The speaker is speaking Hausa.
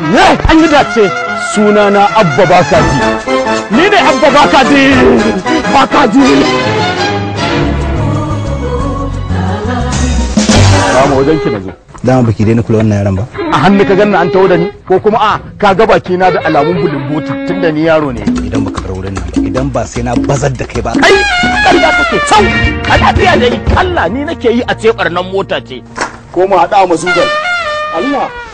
ne an yi dace suna na abba bakaji ni ne abba bakaji bakaji Dama wajen ki na zo. Dama baki daina kula wannan yaran ba. A hannu ka ganna an tawo da ni ko kuma a ka ga baki na da alamun bulumbota tunda ni yaro ne. Idan baka bar wurin nan idan ba sai na bazar da kai ba. Kai ƙarya kake sau a lafiya da yi kalla ni nake yi a ce ɓarnan mota ce. Ko mu haɗa mu zugar. Allah